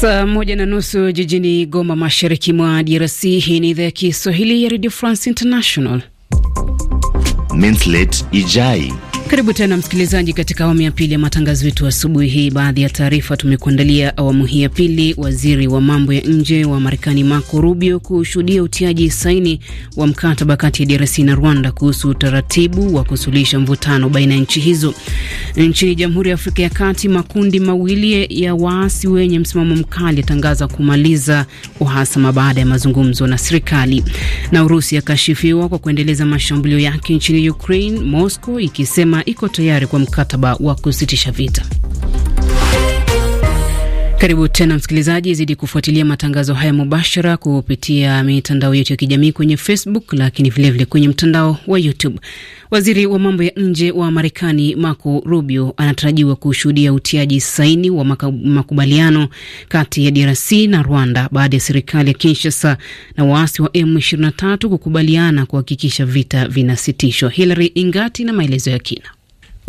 Saa moja na nusu jijini Goma, mashariki mwa DRC. Hii ni idhaa ya Kiswahili ya Radio France International. Mentlet Ijai karibu tena msikilizaji, katika awamu ya pili ya matangazo yetu asubuhi hii. Baadhi ya taarifa tumekuandalia awamu hii ya pili: waziri wa mambo ya nje wa Marekani Marco Rubio kushuhudia utiaji saini wa mkataba kati ya DRC na Rwanda kuhusu utaratibu wa kusuluhisha mvutano baina ya nchi hizo. Nchini Jamhuri ya Afrika ya Kati, makundi mawili ya waasi wenye msimamo mkali yatangaza kumaliza uhasama baada ya mazungumzo na serikali. Na Urusi yakashifiwa kwa kuendeleza mashambulio yake nchini Ukraine, Moscow ikisema iko tayari kwa mkataba wa kusitisha vita. Karibu tena msikilizaji, zidi kufuatilia matangazo haya mubashara kupitia mitandao yetu ya kijamii kwenye Facebook, lakini vilevile kwenye mtandao wa YouTube. Waziri wa mambo ya nje wa Marekani Marco Rubio anatarajiwa kushuhudia utiaji saini wa makubaliano kati ya DRC na Rwanda baada ya serikali ya Kinshasa na waasi wa M23 kukubaliana kuhakikisha vita vinasitishwa. Hilary Ingati na maelezo ya kina.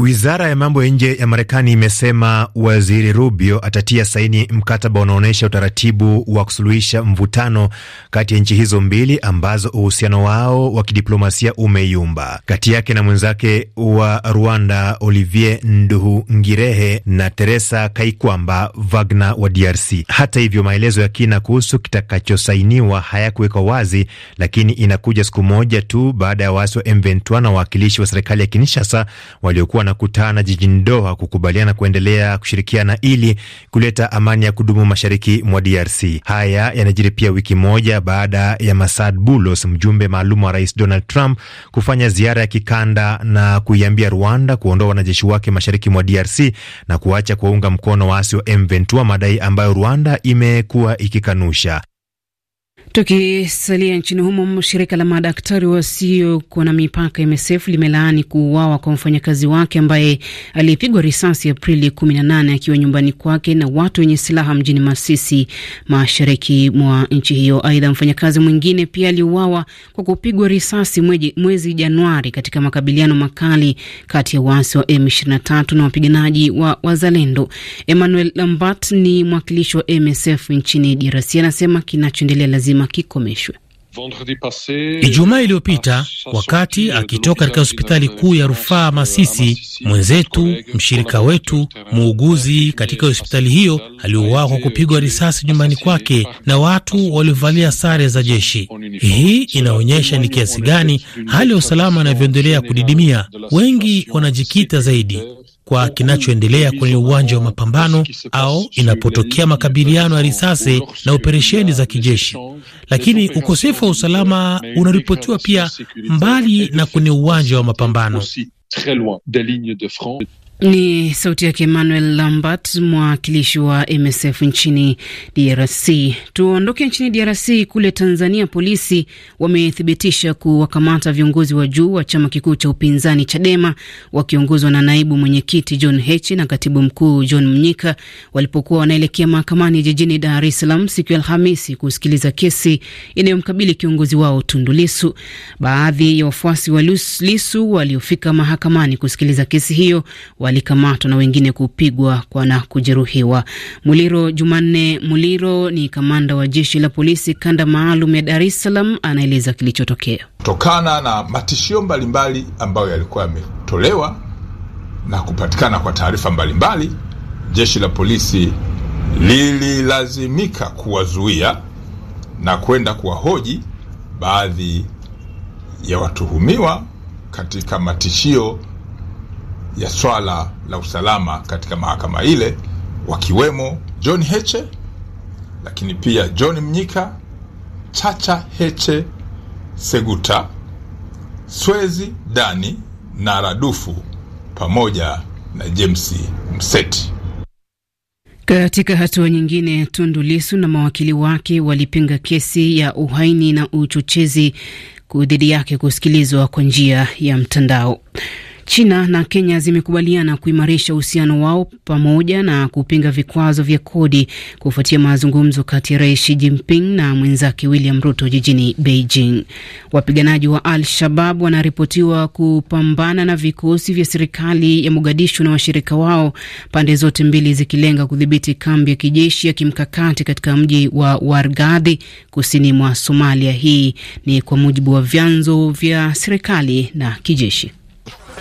Wizara ya mambo ya nje ya Marekani imesema waziri Rubio atatia saini mkataba unaonyesha utaratibu wa kusuluhisha mvutano kati ya nchi hizo mbili ambazo uhusiano wao wa kidiplomasia umeyumba, kati yake na mwenzake wa Rwanda Olivier Nduhungirehe na Teresa Kaikwamba Wagner wa DRC. Hata hivyo, maelezo ya kina kuhusu kitakachosainiwa hayakuwekwa wazi, lakini inakuja siku moja tu baada ya waasi wa M23 na wawakilishi wa serikali ya Kinshasa waliokuwa na wanakutana jijini Doha kukubaliana kuendelea kushirikiana ili kuleta amani ya kudumu mashariki mwa DRC. Haya yanajiri pia wiki moja baada ya Masad Bulos, mjumbe maalum wa rais Donald Trump, kufanya ziara ya kikanda na kuiambia Rwanda kuondoa wanajeshi wake mashariki mwa DRC na kuacha kuwaunga mkono waasi wa M23, madai ambayo Rwanda imekuwa ikikanusha. Tukisalia nchini humo, shirika la madaktari wasiokuwa na mipaka MSF limelaani kuuawa kwa mfanyakazi wake ambaye aliyepigwa risasi Aprili 18 akiwa nyumbani kwake na watu wenye silaha mjini Masisi, mashariki mwa nchi hiyo. Aidha, mfanyakazi mwingine pia aliuawa kwa kupigwa risasi mwezi, mwezi Januari katika makabiliano makali kati ya waasi wa M23 na wapiganaji wa Wazalendo. Emmanuel Lambat ni mwakilishi wa MSF nchini DRC, anasema kinachoendelea lazima lazima kikomeshwe. Ijumaa iliyopita wakati akitoka katika hospitali kuu ya rufaa Masisi, mwenzetu mshirika wetu muuguzi katika hospitali hiyo aliuawa kwa kupigwa risasi nyumbani kwake na watu waliovalia sare za jeshi. Hii inaonyesha ni kiasi gani hali ya usalama inavyoendelea kudidimia. Wengi wanajikita zaidi kwa kinachoendelea kwenye uwanja wa mapambano au inapotokea makabiliano ya risasi na operesheni za kijeshi. Lakini ukosefu wa usalama unaripotiwa pia mbali na kwenye uwanja wa mapambano. Ni sauti yake Emmanuel Lambert, mwakilishi wa MSF nchini DRC. Tuondoke nchini DRC. Kule Tanzania, polisi wamethibitisha kuwakamata viongozi wa juu wa chama kikuu cha upinzani Chadema wakiongozwa na naibu mwenyekiti John Heche na katibu mkuu John Mnyika walipokuwa wanaelekea mahakamani jijini Dar es Salaam siku ya Alhamisi kusikiliza kesi inayomkabili kiongozi wao Tundu Baadhi ya wafuasi wa Lisu waliofika mahakamani kusikiliza kesi hiyo walikamatwa na wengine kupigwa kwa na kujeruhiwa. Muliro Jumanne Muliro ni kamanda wa jeshi la polisi kanda maalum ya Dar es Salaam, anaeleza kilichotokea kutokana na matishio mbalimbali ambayo yalikuwa yametolewa na kupatikana kwa taarifa mbalimbali, jeshi la polisi lililazimika kuwazuia na kwenda kuwahoji baadhi ya watuhumiwa katika matishio ya swala la usalama katika mahakama ile, wakiwemo John Heche, lakini pia John Mnyika, Chacha Heche Seguta, Swezi Dani na Radufu pamoja na James Mseti. Katika hatua nyingine, Tundu Lisu na mawakili wake walipinga kesi ya uhaini na uchochezi dhidi yake kusikilizwa kwa njia ya mtandao. China na Kenya zimekubaliana kuimarisha uhusiano wao pamoja na kupinga vikwazo vya kodi kufuatia mazungumzo kati ya Rais Xi Jinping na mwenzake William Ruto jijini Beijing. Wapiganaji wa Al Shabab wanaripotiwa kupambana na vikosi vya serikali ya Mogadishu na washirika wao, pande zote mbili zikilenga kudhibiti kambi ya kijeshi ya kimkakati katika mji wa Wargadhi kusini mwa Somalia. Hii ni kwa mujibu wa vyanzo vya serikali na kijeshi.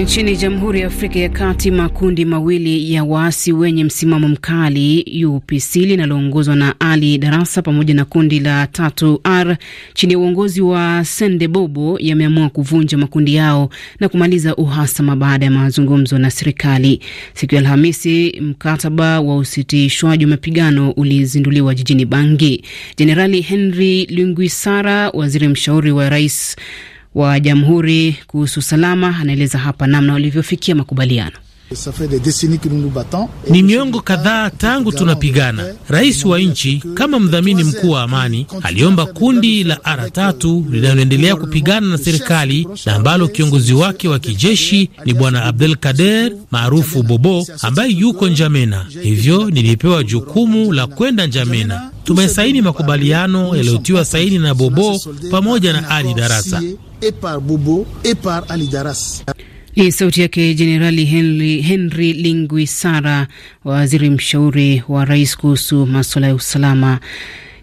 Nchini Jamhuri ya Afrika ya Kati, makundi mawili ya waasi wenye msimamo mkali UPC linaloongozwa na Ali Darasa pamoja na kundi la tatu R chini ya uongozi wa Sende Bobo yameamua kuvunja makundi yao na kumaliza uhasama baada ya mazungumzo na serikali. Siku ya Alhamisi, mkataba wa usitishwaji wa mapigano ulizinduliwa jijini Bangi. Jenerali Henry Lwingwisara, waziri mshauri wa rais wa jamhuri kuhusu salama anaeleza hapa namna walivyofikia makubaliano. Ni miongo kadhaa tangu tunapigana. Rais wa nchi kama mdhamini mkuu wa amani aliomba kundi la R3 linaloendelea kupigana na serikali na ambalo kiongozi wake wa kijeshi ni bwana Abdel Kader maarufu Bobo ambaye yuko Njamena, hivyo nilipewa jukumu la kwenda Njamena. Tumesaini makubaliano yaliyotiwa saini na Bobo pamoja na Ali Darasa par Bobo et par Ni sauti yake Jenerali Henry, Henry Lingwisara, waziri mshauri wa rais kuhusu maswala ya usalama.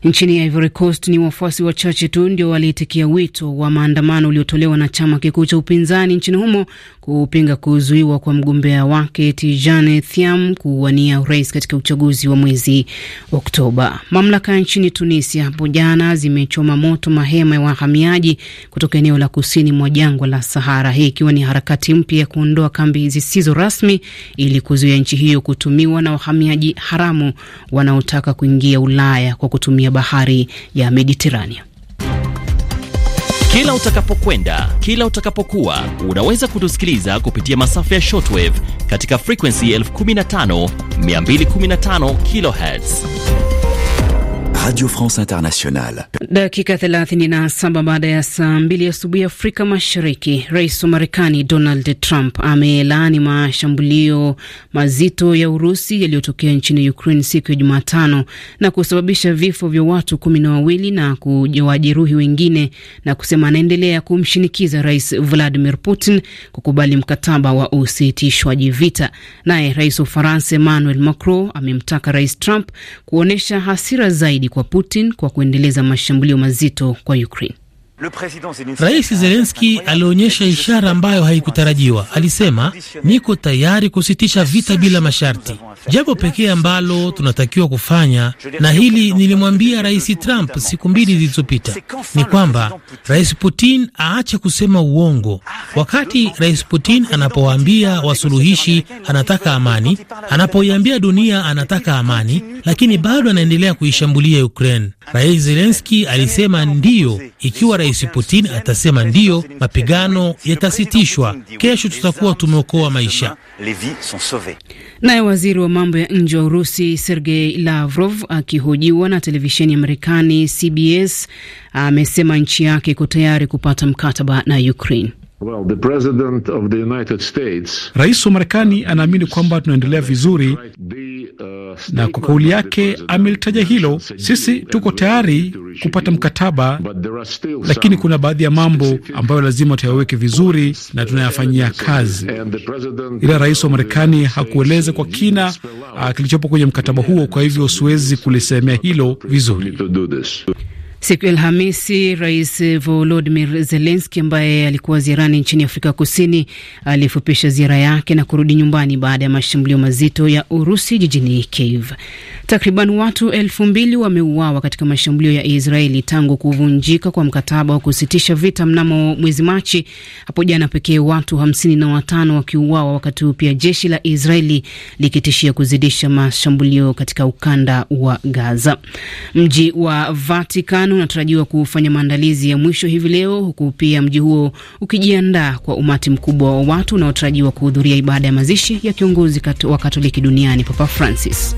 Nchini Ivory Coast ni wafuasi wachache tu ndio waliitikia wito wa maandamano uliotolewa na chama kikuu cha upinzani nchini humo kupinga kuzuiwa kwa mgombea wake Tijane Thiam kuwania urais katika uchaguzi wa mwezi Oktoba. Mamlaka nchini Tunisia hapo jana zimechoma moto mahema ya wahamiaji kutoka eneo la kusini mwa jangwa la Sahara, hii ikiwa ni harakati mpya ya kuondoa kambi zisizo rasmi ili kuzuia nchi hiyo kutumiwa na wahamiaji haramu wanaotaka kuingia Ulaya kwa kutumia ya bahari ya Mediterania. Kila utakapokwenda, kila utakapokuwa, unaweza kutusikiliza kupitia masafa ya shortwave katika frequency 15215 kHz Radio France Internationale. Dakika 37 baada ya saa mbili asubuhi Afrika Mashariki, rais wa Marekani Donald Trump amelaani mashambulio mazito ya Urusi yaliyotokea nchini Ukraine siku ya Jumatano na kusababisha vifo vya watu kumi na wawili na kujeruhi wengine, na kusema anaendelea kumshinikiza rais Vladimir Putin kukubali mkataba wa usitishwaji vita. Naye rais wa Ufaransa Emmanuel Macron amemtaka rais Trump kuonyesha hasira zaidi ukosoaji kwa Putin kwa kuendeleza mashambulio mazito kwa Ukraine. Rais Zelenski alionyesha ishara ambayo haikutarajiwa. Alisema, niko tayari kusitisha vita bila masharti. Jambo pekee ambalo tunatakiwa kufanya, na hili nilimwambia Rais Trump siku mbili zilizopita, ni kwamba Rais Putin aache kusema uongo. Wakati Rais Putin anapowaambia wasuluhishi anataka amani, anapoiambia dunia anataka amani, lakini bado anaendelea kuishambulia Ukraine. Rais Zelenski alisema ndiyo. Ikiwa Rais Putin atasema ndiyo, mapigano yatasitishwa. Kesho tutakuwa tumeokoa maisha. Naye waziri wa mambo ya nje wa Urusi Sergei Lavrov akihojiwa na televisheni ya Marekani CBS amesema nchi yake iko tayari kupata mkataba na Ukraine. Well, the president of the United States, rais wa Marekani anaamini kwamba tunaendelea vizuri uh, na kwa kauli yake amelitaja hilo. Sisi tuko tayari kupata mkataba, lakini kuna baadhi ya mambo ambayo lazima tuyaweke vizuri na tunayafanyia kazi. Ila rais wa Marekani hakueleza kwa kina ah, kilichopo kwenye mkataba huo, kwa hivyo siwezi kulisemea hilo vizuri. Siku ya Alhamisi, Rais Volodimir Zelenski ambaye alikuwa ziarani nchini Afrika Kusini alifupisha ziara yake na kurudi nyumbani baada ya mashambulio mazito ya Urusi jijini Kiev. Takriban watu elfu mbili wameuawa katika mashambulio ya Israeli tangu kuvunjika kwa mkataba wa kusitisha vita mnamo mwezi Machi. Hapo jana pekee watu hamsini na watano wakiuawa, wakati huu pia jeshi la Israeli likitishia kuzidisha mashambulio katika ukanda wa Gaza. Mji wa Vatican Sudan unatarajiwa kufanya maandalizi ya mwisho hivi leo, huku pia mji huo ukijiandaa kwa umati mkubwa wa watu unaotarajiwa kuhudhuria ibada ya mazishi ya kiongozi wa Katoliki duniani Papa Francis.